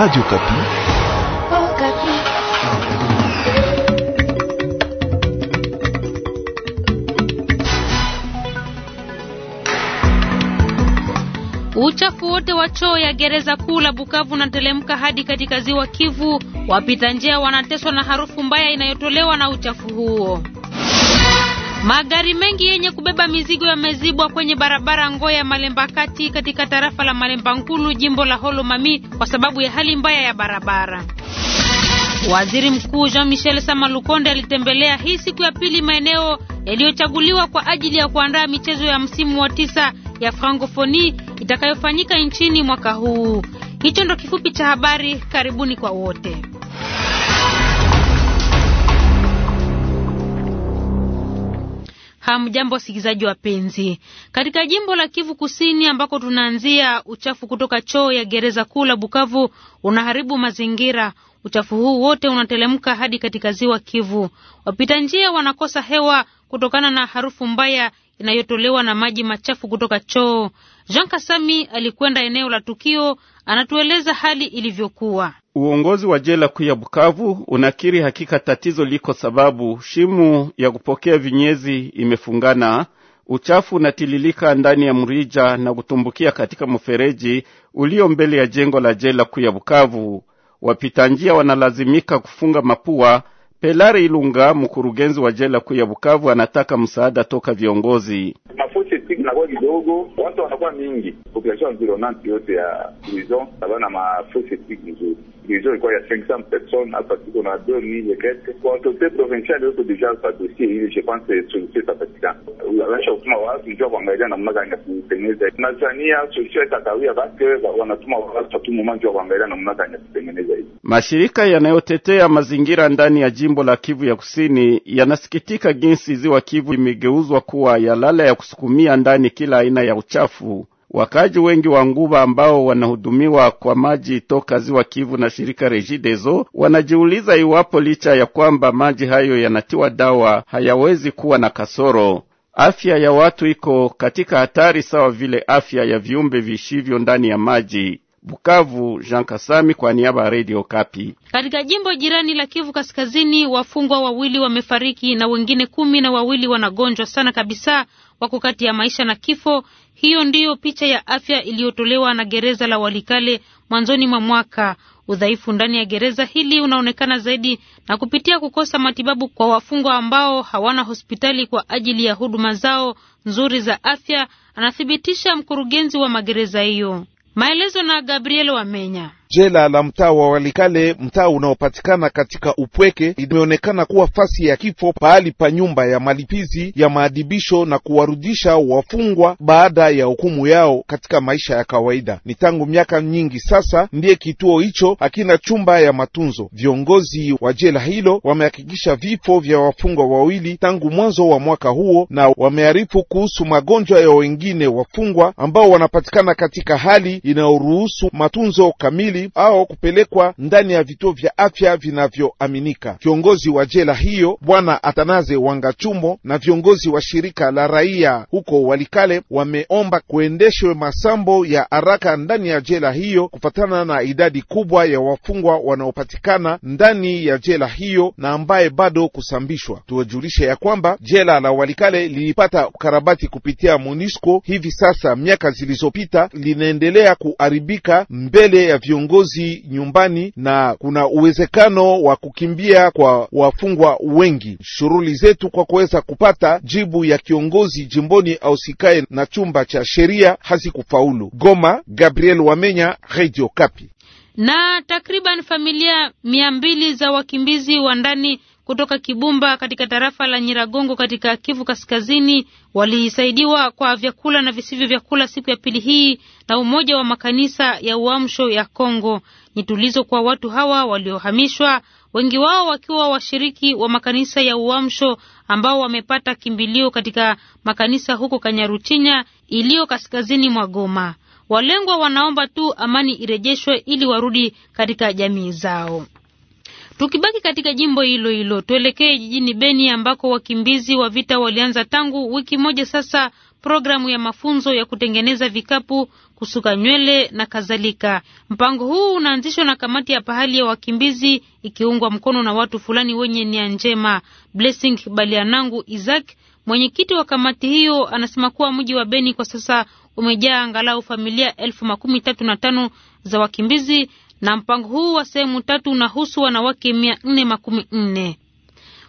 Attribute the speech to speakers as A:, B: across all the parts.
A: Radio Kapi.
B: Oh, Kapi.
C: Uchafu wote wa choo ya gereza kuu la Bukavu unatelemka hadi katika ziwa Kivu. Wapita njia wanateswa na harufu mbaya inayotolewa na uchafu huo. Magari mengi yenye kubeba mizigo yamezibwa kwenye barabara Ngoya Malemba Kati katika tarafa la Malemba Nkulu jimbo la Holo Mami kwa sababu ya hali mbaya ya barabara. Waziri Mkuu Jean-Michel Sama Lukonde alitembelea hii siku ya pili maeneo yaliyochaguliwa kwa ajili ya kuandaa michezo ya msimu wa tisa ya Francophonie itakayofanyika nchini mwaka huu. Hicho ndo kifupi cha habari. Karibuni kwa wote. Hamjambo wasikilizaji wapenzi, katika jimbo la Kivu Kusini ambako tunaanzia, uchafu kutoka choo ya gereza kuu la Bukavu unaharibu mazingira. Uchafu huu wote unatelemka hadi katika ziwa Kivu. Wapita njia wanakosa hewa kutokana na harufu mbaya inayotolewa na maji machafu kutoka choo. Jean Kasami alikwenda eneo la tukio, anatueleza hali ilivyokuwa.
D: Uongozi wa jela kuu ya Bukavu unakiri hakika tatizo liko, sababu shimu ya kupokea vinyezi imefungana, uchafu unatililika ndani ya mrija na kutumbukia katika mfereji ulio mbele ya jengo la jela kuu ya Bukavu. Wapita njia wanalazimika kufunga mapua. Pelare Ilunga, mkurugenzi wa jela kuu ya Bukavu, anataka msaada toka viongozi.
E: Mafuti inakuwa kidogo, watu wanakuwa mingi, population environnante yote ya prison abana mafuti nzuri Déjà, il y a 500 personnes, à partir qu'on a 2000 et quelques. Consulté provincial, yote déjà kwa dossier je pense solution itapatikana. Wanashautuma watu njua
D: Mashirika yanayotetea mazingira ndani ya jimbo la Kivu ya Kusini yanasikitika jinsi ziwa Kivu imegeuzwa kuwa yalala ya kusukumia ndani kila aina ya uchafu Wakaji wengi wa Nguba ambao wanahudumiwa kwa maji toka ziwa Kivu na shirika Regideso wanajiuliza iwapo licha ya kwamba maji hayo yanatiwa dawa hayawezi kuwa na kasoro. Afya ya watu iko katika hatari sawa vile afya ya viumbe viishivyo ndani ya maji. Bukavu, Jean Kasami kwa niaba ya Radio Kapi.
C: Katika jimbo jirani la Kivu Kaskazini, wafungwa wawili wamefariki na wengine kumi na wawili wanagonjwa sana kabisa wako kati ya maisha na kifo. Hiyo ndiyo picha ya afya iliyotolewa na gereza la Walikale mwanzoni mwa mwaka. Udhaifu ndani ya gereza hili unaonekana zaidi na kupitia kukosa matibabu kwa wafungwa ambao hawana hospitali kwa ajili ya huduma zao nzuri za afya, anathibitisha mkurugenzi wa magereza hiyo. Maelezo na Gabriel Wamenya.
A: Jela la mtaa wa Walikale, mtaa unaopatikana katika upweke, imeonekana kuwa fasi ya kifo, pahali pa nyumba ya malipizi ya maadibisho na kuwarudisha wafungwa baada ya hukumu yao katika maisha ya kawaida. Ni tangu miaka nyingi sasa ndiye kituo hicho hakina chumba ya matunzo. Viongozi wa jela hilo wamehakikisha vifo vya wafungwa wawili tangu mwanzo wa mwaka huo, na wamearifu kuhusu magonjwa ya wengine wafungwa ambao wanapatikana katika hali inayoruhusu matunzo kamili au kupelekwa ndani ya vituo vya afya vinavyoaminika. Kiongozi wa jela hiyo Bwana Atanaze Wangachumbo na viongozi wa shirika la raia huko Walikale wameomba kuendeshwe masambo ya haraka ndani ya jela hiyo kufatana na idadi kubwa ya wafungwa wanaopatikana ndani ya jela hiyo na ambaye bado kusambishwa. Tuwajulishe ya kwamba jela la Walikale lilipata ukarabati kupitia MONUSCO hivi sasa miaka zilizopita, linaendelea kuharibika mbele ya viongozi viongozi nyumbani na kuna uwezekano wa kukimbia kwa wafungwa wengi. Shughuli zetu kwa kuweza kupata jibu ya kiongozi jimboni au sikae na chumba cha sheria hazikufaulu. Goma, Gabriel Wamenya, Radio Kapi.
C: Na takriban familia mia mbili za wakimbizi wa ndani kutoka Kibumba katika tarafa la Nyiragongo katika Kivu Kaskazini walisaidiwa kwa vyakula na visivyo vyakula siku ya pili hii na Umoja wa Makanisa ya Uamsho ya Kongo. Ni tulizo kwa watu hawa waliohamishwa, wengi wao wakiwa washiriki wa makanisa ya Uamsho ambao wamepata kimbilio katika makanisa huko Kanyaruchinya iliyo kaskazini mwa Goma. Walengwa wanaomba tu amani irejeshwe ili warudi katika jamii zao. Tukibaki katika jimbo hilo hilo, tuelekee jijini Beni ambako wakimbizi wa vita walianza tangu wiki moja sasa programu ya mafunzo ya kutengeneza vikapu, kusuka nywele na kadhalika. Mpango huu unaanzishwa na kamati ya pahali ya wakimbizi ikiungwa mkono na watu fulani wenye nia njema. Blessing Balianangu Isaac, mwenyekiti wa kamati hiyo, anasema kuwa mji wa Beni kwa sasa umejaa angalau familia elfu makumi tatu na tano za wakimbizi na mpango huu wa sehemu tatu unahusu wanawake mia nne makumi nne.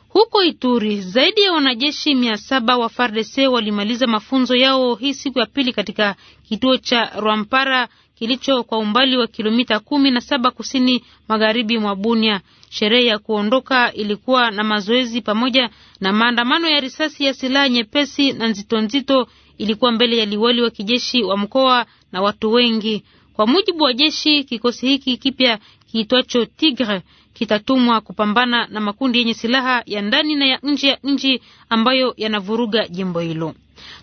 C: Huko Ituri zaidi ya wanajeshi mia saba wa FARDC walimaliza mafunzo yao hii siku ya pili katika kituo cha Rwampara kilicho kwa umbali wa kilomita kumi na saba kusini magharibi mwa Bunia. Sherehe ya kuondoka ilikuwa na mazoezi pamoja na maandamano ya risasi ya silaha nyepesi na nzito nzito, ilikuwa mbele ya liwali wa kijeshi wa mkoa na watu wengi. Kwa mujibu wa jeshi, kikosi hiki kipya kiitwacho Tigre kitatumwa kupambana na makundi yenye silaha ya ndani na ya nje ya nchi ambayo yanavuruga jimbo hilo.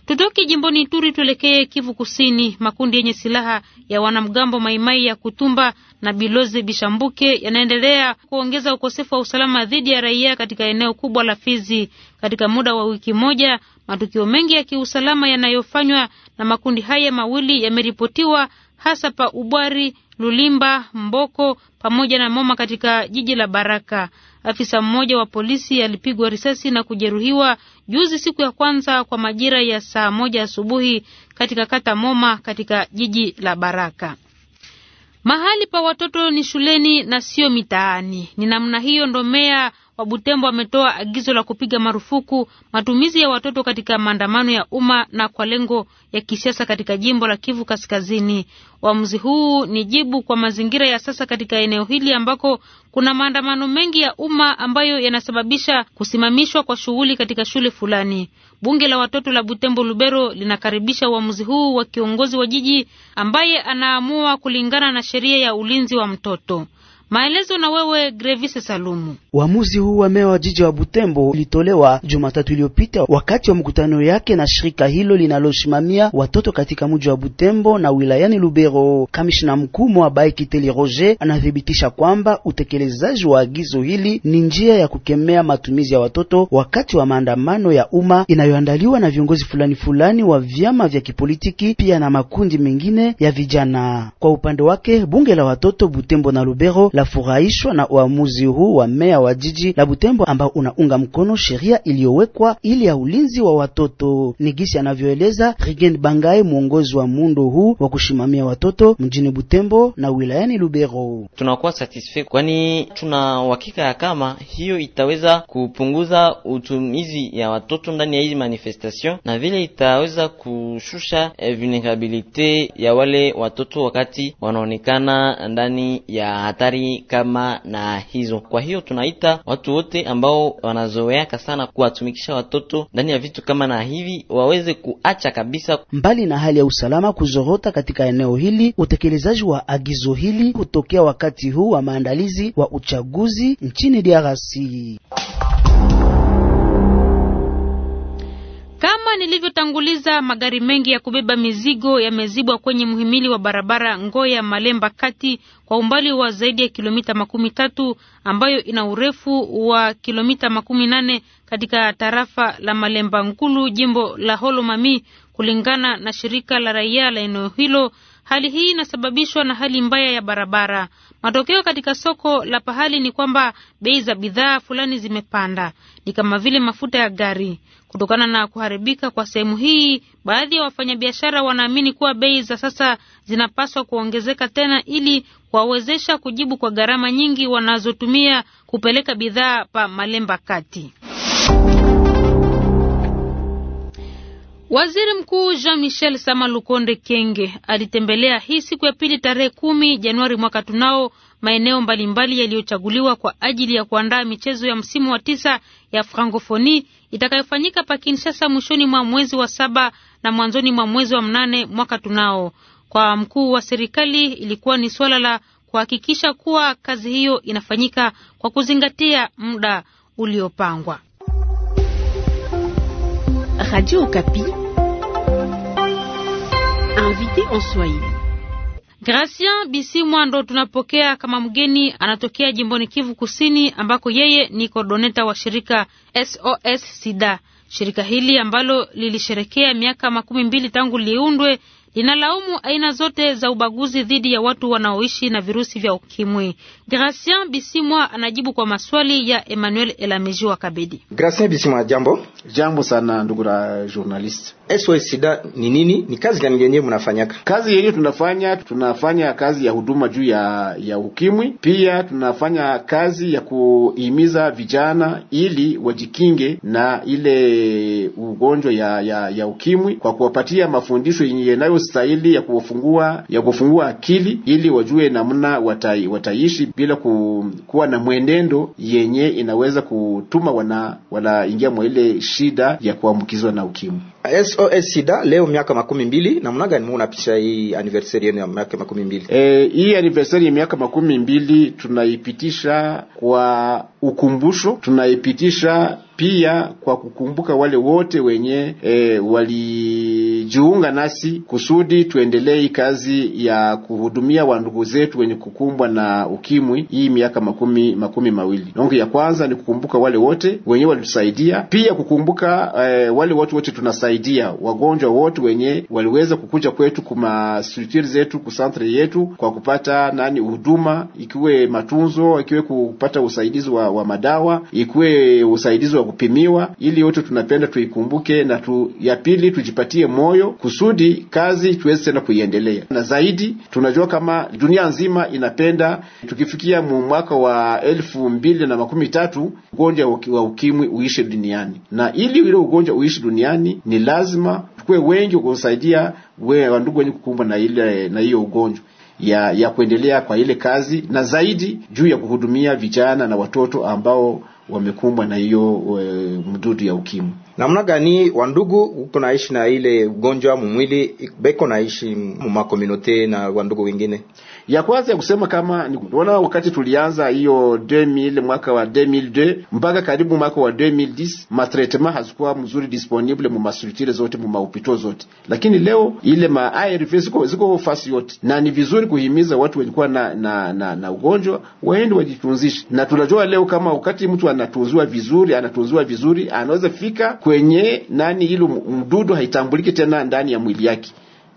C: Tutoke jimboni Ituri tuelekee Kivu Kusini. Makundi yenye silaha ya wanamgambo Maimai ya Kutumba na Biloze Bishambuke yanaendelea kuongeza ukosefu wa usalama dhidi ya raia katika eneo kubwa la Fizi. Katika muda wa wiki moja, matukio mengi ya kiusalama yanayofanywa na makundi haya mawili yameripotiwa hasa pa Ubwari, Lulimba, Mboko pamoja na Moma katika jiji la Baraka. Afisa mmoja wa polisi alipigwa risasi na kujeruhiwa juzi siku ya kwanza kwa majira ya saa moja asubuhi katika kata Moma katika jiji la Baraka. Mahali pa watoto ni shuleni na sio mitaani. Ni namna hiyo ndo meya wa Butembo ametoa agizo la kupiga marufuku matumizi ya watoto katika maandamano ya umma na kwa lengo ya kisiasa katika jimbo la Kivu Kaskazini. Uamuzi huu ni jibu kwa mazingira ya sasa katika eneo hili ambako kuna maandamano mengi ya umma ambayo yanasababisha kusimamishwa kwa shughuli katika shule fulani. Bunge la watoto la Butembo Lubero linakaribisha uamuzi huu wa kiongozi wa jiji ambaye anaamua kulingana na sheria ya ulinzi wa mtoto. Maelezo na wewe Grevise Salumu.
F: Uamuzi huu wa meya wa jiji wa Butembo ulitolewa Jumatatu iliyopita wakati wa mkutano yake na shirika hilo linaloshimamia watoto katika mji wa Butembo na wilayani Lubero. Kamishna mkuu Mwabai Kiteli Roger anathibitisha kwamba utekelezaji wa agizo hili ni njia ya kukemea matumizi ya watoto wakati wa maandamano ya umma inayoandaliwa na viongozi fulani fulani wa vyama vya kipolitiki pia na makundi mengine ya vijana. Kwa upande wake bunge la watoto Butembo na Lubero lafurahishwa na uamuzi huu wa meya wa jiji la Butembo ambao unaunga mkono sheria iliyowekwa ili ya ulinzi wa watoto. Ni gisi anavyoeleza Rigend Bangae, mwongozi wa muundo huu wa kushimamia watoto mjini Butembo na wilayani Lubero.
B: Tunakuwa satisfait kwani tuna uhakika ya kama hiyo itaweza kupunguza utumizi ya watoto ndani ya hizi manifestation na vile itaweza kushusha eh, vulnerabilite ya wale watoto wakati wanaonekana ndani ya hatari kama na hizo. Kwa hiyo tunaita watu wote ambao wanazoeaka sana kuwatumikisha watoto ndani ya vitu kama na hivi waweze kuacha kabisa.
F: Mbali na hali ya usalama kuzorota katika eneo hili, utekelezaji wa agizo hili hutokea wakati huu wa maandalizi wa uchaguzi nchini DRC.
C: Kama nilivyotanguliza, magari mengi ya kubeba mizigo yamezibwa kwenye mhimili wa barabara Ngoya Malemba kati kwa umbali wa zaidi ya kilomita makumi tatu ambayo ina urefu wa kilomita makumi nane katika tarafa la Malemba Nkulu, jimbo la Holo Mami, kulingana na shirika la raia la eneo hilo. Hali hii inasababishwa na hali mbaya ya barabara. Matokeo katika soko la pahali ni kwamba bei za bidhaa fulani zimepanda, ni kama vile mafuta ya gari. Kutokana na kuharibika kwa sehemu hii, baadhi ya wafanyabiashara wanaamini kuwa bei za sasa zinapaswa kuongezeka tena ili kuwawezesha kujibu kwa gharama nyingi wanazotumia kupeleka bidhaa pa Malemba Kati. Waziri Mkuu Jean Michel Sama Lukonde Kenge alitembelea hii siku ya pili tarehe kumi Januari mwaka tunao maeneo mbalimbali yaliyochaguliwa kwa ajili ya kuandaa michezo ya msimu wa tisa ya frankofoni itakayofanyika pa Kinshasa mwishoni mwa mwezi wa saba na mwanzoni mwa mwezi wa mnane mwaka tunao. Kwa mkuu wa serikali ilikuwa ni suala la kuhakikisha kuwa kazi hiyo inafanyika kwa kuzingatia muda uliopangwa. Radio Okapi, invité en Swahili. Gracien Bisimwa ndo tunapokea kama mgeni, anatokea jimboni Kivu Kusini, ambako yeye ni kordoneta wa shirika SOS Sida. Shirika hili ambalo lilisherekea miaka makumi mbili tangu liundwe linalaumu aina zote za ubaguzi dhidi ya watu wanaoishi na virusi vya ukimwi. Gracien Bisimwa anajibu kwa maswali ya Emmanuel Elamiji wa Kabedi.
G: Gracien Bisimwa, jambo. Jambo sana ndugu la journalist. SOS Sida ni nini? Ni kazi gani yenyewe mnafanyaka? Kazi yenyewe tunafanya, tunafanya kazi ya huduma juu ya ya ukimwi, pia tunafanya kazi ya kuhimiza vijana ili wajikinge na ile ugonjwa ya, ya, ya ukimwi kwa kuwapatia mafundisho yenye nayo stahili ya kuwafungua ya kufungua akili ili wajue namna watai, wataishi bila ku, kuwa na mwenendo yenye inaweza kutuma wana wanaingia mwa ile shida ya kuambukizwa na ukimwi. SOS Sida leo miaka makumi mbili na mnaga ni unapisha hii anniversary yenu ya miaka makumi mbili. E, hii anniversary ya miaka makumi mbili tunaipitisha kwa ukumbusho, tunaipitisha pia kwa kukumbuka wale wote wenye e, wali kujiunga nasi kusudi tuendelee kazi ya kuhudumia wandugu zetu wenye kukumbwa na ukimwi hii miaka makumi makumi mawili. Nongo ya kwanza ni kukumbuka wale wote wenyewe walitusaidia, pia kukumbuka eh, wale watu wote tunasaidia wagonjwa wote wenye waliweza kukuja kwetu kuma structure zetu kusantre yetu kwa kupata nani huduma, ikiwe matunzo, ikiwe kupata usaidizi wa, wa madawa, ikiwe usaidizi wa kupimiwa. Ili yote tunapenda tuikumbuke, na tu, ya pili tujipatie moyo moyo kusudi kazi tuweze tena kuiendelea, na zaidi tunajua kama dunia nzima inapenda tukifikia mwaka wa elfu mbili na makumi tatu ugonjwa wa ukimwi uishi duniani, na ili ule ugonjwa uishi duniani ni lazima tukuwe wengi kusaidia we wandugu wenye kukumbwa na ile na hiyo ugonjwa ya ya kuendelea kwa ile kazi, na zaidi juu ya kuhudumia vijana na watoto ambao wamekumbwa na hiyo mdudu ya ukimwi namna gani wandugu uko naishi na ile ugonjwa mumwili beko naishi mumakomunote na wandugu wengine. Ya kwanza ya kusema kama niona wakati tulianza hiyo 2000 mwaka wa 2002 mpaka karibu mwaka wa 2010 matretement hazikuwa mzuri disponible mu masulitire zote mu maupito zote, lakini leo ile ma ARV ziko ziko fasi yote, na ni vizuri kuhimiza watu walikuwa na na, na, na ugonjwa waende wajitunzishe, na tunajua leo kama wakati mtu anatunzwa vizuri anatunzwa vizuri anaweza fika kwenye nani ilu mdudu haitambuliki tena ndani ya mwili yake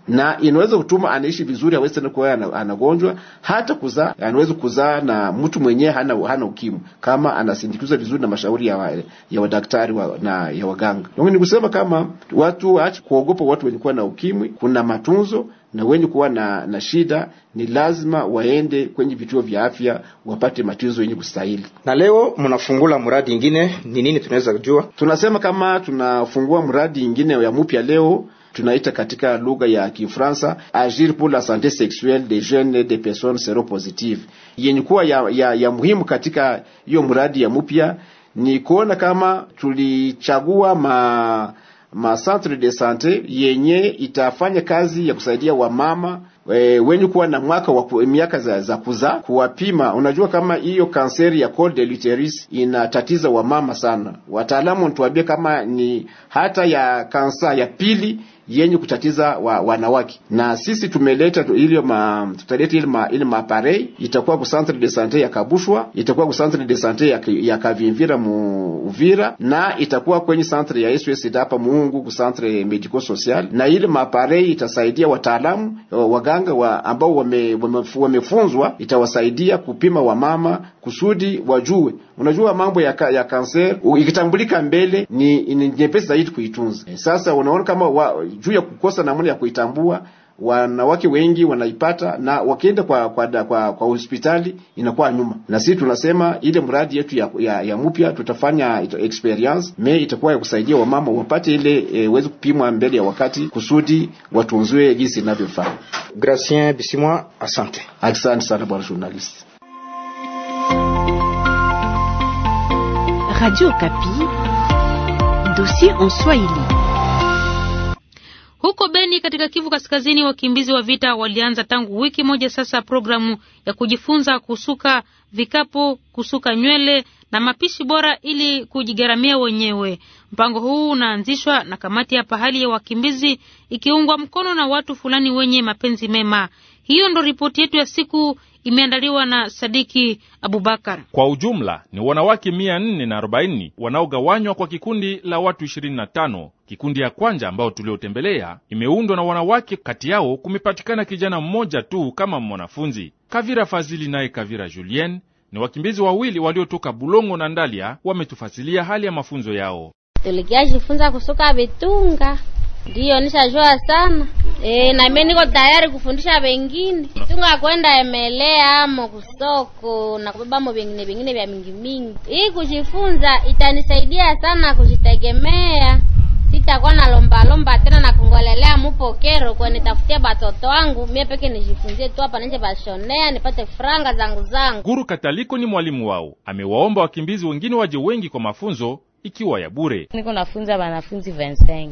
G: na inaweza kutuma anaishi vizuri, aweze tena kuwa anagonjwa, hata kuzaa anaweza kuzaa na mtu mwenyewe hana, hana ukimwi kama anasindikiza vizuri na mashauri ya, wa, ya wadaktari wa, na ya waganga. Ni kusema kama watu waache kuogopa watu wenye kuwa na ukimwi, kuna matunzo na wenye kuwa na, na shida ni lazima waende kwenye vituo vya afya wapate matunzo yenye kustahili. Na leo mnafungula mradi ingine, ni nini tunaweza kujua? Tunasema kama tunafungua mradi ingine ya mpya leo tunaita katika lugha ya Kifransa agir pour la sante sexuelle des jeunes et des personnes seropositive, yenye kuwa ya, ya, ya muhimu katika hiyo mradi ya mupya ni kuona kama tulichagua ma ma centre de sante yenye itafanya kazi ya kusaidia wamama e, eh, wenye kuwa na mwaka wa miaka za, za kuzaa kuwapima. Unajua kama hiyo kanseri ya col de luteris inatatiza wamama sana. Wataalamu wanatuambia kama ni hata ya kansa ya pili yenye kutatiza wa, wanawake na sisi tumeleta ile ma, tutaleta ile ma, ile maparei itakuwa ku centre de santé ya Kabushwa, itakuwa ku centre de santé ya, ya Kavimvira mu Uvira, na itakuwa kwenye centre ya SOS hapa Muungu ku centre medico social, na ile maparei itasaidia wataalamu eh, waga waganga wa ambao wame, wamefunzwa itawasaidia kupima wamama kusudi wajue. Unajua mambo ya, ka, ya kanser ikitambulika mbele ni nyepesi zaidi kuitunza. Sasa unaona kama wa, juu ya kukosa namna ya kuitambua wanawake wengi wanaipata na wakienda kwa kwa, kwa, kwa hospitali inakuwa nyuma, na sisi tunasema ile mradi yetu ya, ya, ya mpya tutafanya ito, experience me itakuwa ya kusaidia wamama wapate ile e, wezi kupimwa mbele ya wakati kusudi watunzwe jinsi inavyofaa. Gracien Bisimwa, asante. Asante sana bwana
B: journalist.
C: Radio Kapi,
B: dossier en Swahili.
C: Huko Beni katika Kivu Kaskazini, wakimbizi wa vita walianza tangu wiki moja sasa programu ya kujifunza kusuka vikapu, kusuka nywele na mapishi bora ili kujigharamia wenyewe. Mpango huu unaanzishwa na kamati ya pahali ya wakimbizi ikiungwa mkono na watu fulani wenye mapenzi mema. Hiyo ndo ripoti yetu ya siku imeandaliwa na Sadiki Abubakar.
E: Kwa ujumla ni wanawake mia wanaogawanywa kwa kikundi la watu 25. Kikundi ya kwanza ambayo tuliotembelea imeundwa na wanawake, kati yao kumepatikana kijana mmoja tu kama mwanafunzi. Kavira Fazili naye Kavira Julien ni wakimbizi wawili waliotoka Bulongo na Ndalia, wametufasilia hali ya mafunzo yao.
C: Tulikia jifunza kusuka vitunga Ndiyo, nishajua sana e, na mimi niko tayari kufundisha wengine tunga kwenda emelea amo kusoko na kubebamo vingine vingine vya mingi mingi. Hii kujifunza itanisaidia sana kujitegemea, sitakuwa na lomba lomba tena na kungolelea mupokero kwa nitafutia batoto wangu mie peke nijifunzie tu hapa nje bashonea nipate franga zangu zangu.
E: Guru Kataliko ni mwalimu wao, amewaomba wakimbizi wengine waje wengi kwa mafunzo ikiwa ya bure.
C: Niko nafunza wanafunzi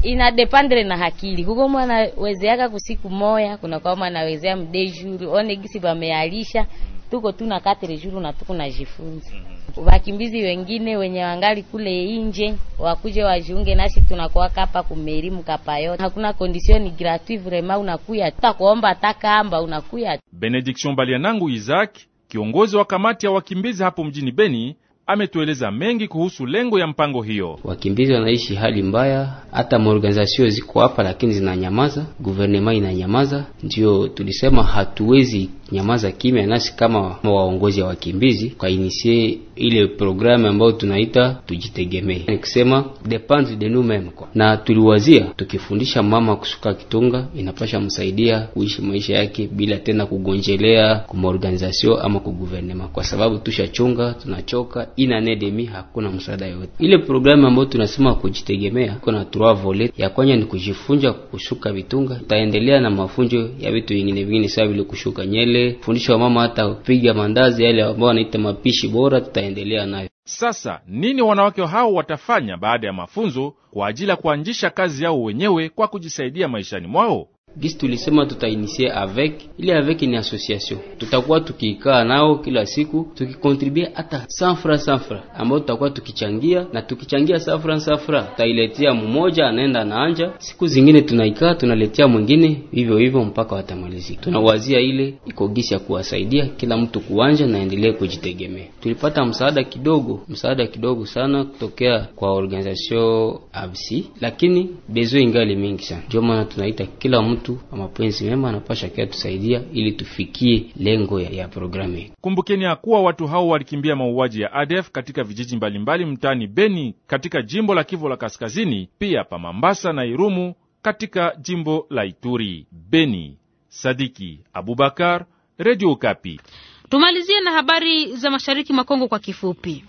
C: Ina dependre na hakili huko mwanawezeaka kusiku moya, kuna kwa mwana mwanawezea mde juru one gisi wamealisha tuko tuna katere juru na tuko na jifunzi. Mhm. Wakimbizi wengine wenye wangali kule inje wakuje wajiunge nasi, tunakuwa kapa kumelimu kapa yote, hakuna kondisyoni gratuit vrema unakuya kuomba tutakuomba atakamba unakuya.
E: Benediction Balianangu Isaac, kiongozi wa kamati ya wakimbizi hapo mjini Beni ametueleza mengi kuhusu lengo ya
B: mpango hiyo. Wakimbizi wanaishi hali mbaya, hata maorganizasio ziko hapa lakini zinanyamaza, guvernema inanyamaza. Ndiyo tulisema hatuwezi nyamaza kimya, nasi kama waongozi ya wakimbizi kwa inisie ile programu ambayo tunaita tujitegemee, ni kusema depend de nous memes kwa. Na tuliwazia tukifundisha mama kusuka kitunga inapasha msaidia kuishi maisha yake bila tena kugonjelea kumaorganizasio ama kuguvernema, kwa sababu tushachunga, tunachoka ina nedemi, hakuna msaada yote. Ile programu ambayo tunasema kujitegemea kuna trois volets, ya kwanza ni kujifunza kusuka vitunga, tutaendelea na mafunzo ya vitu vingine vingine sawa vile kushuka nyele fundisho wa mama hata kupiga mandazi yale ambao wanaita mapishi bora, tutaendelea nayo. Sasa
E: nini wanawake hao watafanya baada ya mafunzo kwa ajili ya kuanzisha kazi yao wenyewe kwa kujisaidia maishani
B: mwao? Gisi tulisema tutainisie avec ili avec ni association, tutakuwa tukiikaa nao kila siku tukikontribue hata safra safra ambayo tutakuwa tukichangia, na tukichangia safra safra tutailetea mmoja, anaenda naanja. Siku zingine tunaikaa tunaletea mwingine, hivyo hivyo mpaka watamalizika. Tunawazia ile iko gisi ya kuwasaidia kila mtu kuanja na kujitegemea. Tulipata msaada kidogo, msaada kidogo sana kutokea kwa organisation ABSI, lakini bezo ingali mingi sana, ndio maana tunaita kila mtu mtu na mapenzi mema anapasha kia tusaidia ili tufikie lengo ya, ya programu
E: hii. Kumbukeni ya kuwa watu hao walikimbia mauaji ya ADF katika vijiji mbalimbali mtani Beni katika jimbo la Kivu la Kaskazini, pia pa Mambasa na Irumu katika jimbo la Ituri. Beni, Sadiki Abubakar, Radio Okapi.
C: Tumalizie na habari za mashariki mwa Kongo kwa kifupi.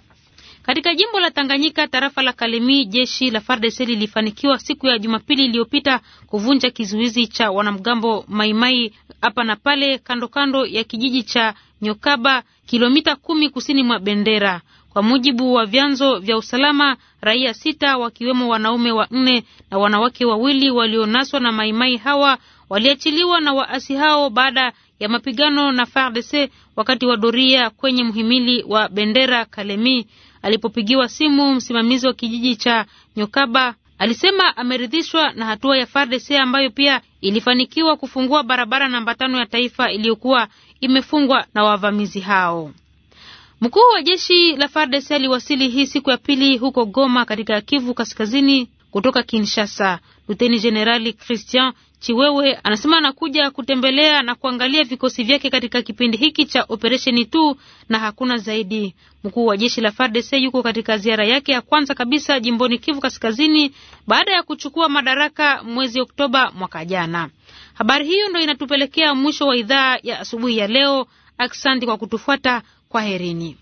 C: Katika jimbo la Tanganyika, tarafa la Kalemi, jeshi la FARDC lilifanikiwa siku ya Jumapili iliyopita kuvunja kizuizi cha wanamgambo Maimai hapa na pale kando kando ya kijiji cha Nyokaba, kilomita kumi kusini mwa Bendera. Kwa mujibu wa vyanzo vya usalama, raia sita wakiwemo wanaume wanne na wanawake wawili walionaswa na maimai hawa waliachiliwa na waasi hao baada ya mapigano na FARDC wakati wa doria kwenye mhimili wa Bendera Kalemi. Alipopigiwa simu, msimamizi wa kijiji cha Nyokaba alisema ameridhishwa na hatua ya FARDC ambayo pia ilifanikiwa kufungua barabara namba tano ya taifa iliyokuwa imefungwa na wavamizi hao. Mkuu wa jeshi la FARDC aliwasili hii siku ya pili huko Goma katika Kivu Kaskazini kutoka Kinshasa. Luteni Jenerali Christian Chiwewe anasema anakuja kutembelea na kuangalia vikosi vyake katika kipindi hiki cha operesheni tu na hakuna zaidi. Mkuu wa jeshi la FARDC yuko katika ziara yake ya kwanza kabisa jimboni Kivu Kaskazini baada ya kuchukua madaraka mwezi Oktoba mwaka jana. Habari hiyo ndio inatupelekea mwisho wa idhaa ya asubuhi ya leo. Asante kwa kutufuata. herini.